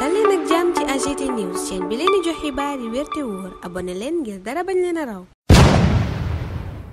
dal leen ak jàmm ci AGT news chaîne bi leen xibaar yi wér te wóor abonné leen dara bañ leen a raw.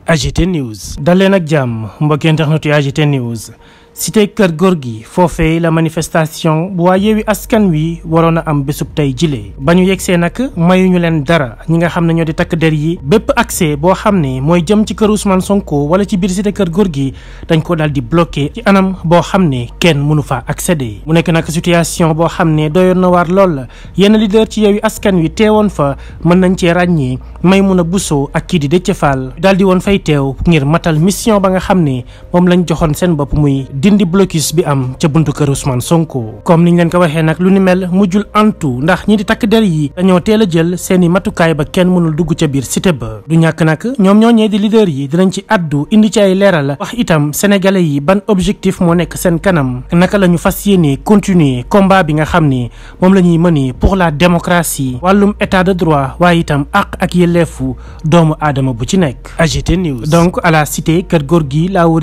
AGT news. dal leen ak jàmm mbokki internet yu AGT news. cité kër góor gi foofee la manifestation bu waa yeewi askan wi waroon a am bésub tey jilee ba ñu yegsee nag mayuñu leen dara ñi nga xam ne ñoo di takk der yi bépp accès boo xam ne mooy jëm ci kër Ousmane Sonko wala ci biir cité kër góor gi dañ ko daal di bloqué ci anam boo xam ne kenn mënu faa accéder mu nekk nag situation boo xam ne doyoon na waar lool yenn leader ci yeewi askan wi teewoon fa mën nañ cee ràññee Maimouna Bousso ak kii di Déthié Fall daal di woon fay teew ngir matal mission ba nga xam ne moom lañ joxoon seen bopp muy dindi blocus bi am ca buntu kër Ousmane Sonko comme ni niñ leen ko waxee nag lu ni mel mujjul antu ndax ñi di takk der yi dañoo teel a jël seeni matukaay ba kenn mënul dugg ca biir cité ba du ñàkk nag ñoom ñoo ñee di leader yi dinañ ci addu indi ci ay leeral wax itam sénégalais yi ban objectif moo nekk seen kanam naka lañu ñu fas yéene continuer combat bi nga xam ni moom la ñuy mënee pour la démocratie wàllum état de droit waaye itam àq ak yelleefu doomu aadama bu ci nekk AGT News donc à la cité góor gi là où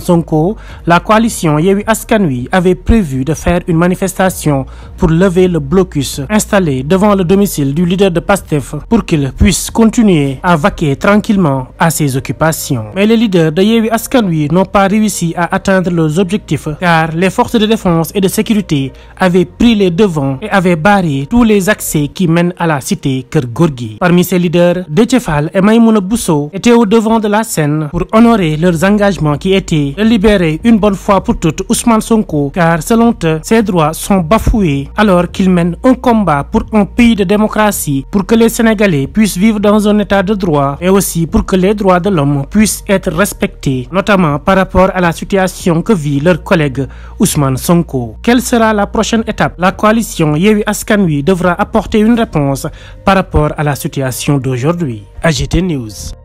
Sonko coalition Yewwi Askan Wi avait prévu de faire une manifestation pour lever le blocus installé devant le domicile du leader de PASTEF pour qu'il puisse continuer à vaquer tranquillement à ses occupations. Mais les leaders de Yewwi Askan Wi n'ont pas réussi à atteindre leurs objectifs car les forces de défense et de sécurité avaient pris les devants et avaient barré tous les accès qui mènent à la cité Kër Gorgui. Parmi ces leaders, Déthié Fall et fois pour toutes Ousmane Sonko car selon eux ses droits sont bafoués alors qu'il mène un combat pour un pays de démocratie pour que les Sénégalais puissent vivre dans un état de droit et aussi pour que les droits de l'homme puissent être respectés notamment par rapport à la situation que vit leur collègue Ousmane Sonko. Quelle sera la prochaine étape? La coalition Yewwi Askan Wi devra apporter une réponse par rapport à la situation d'aujourd'hui. AGT News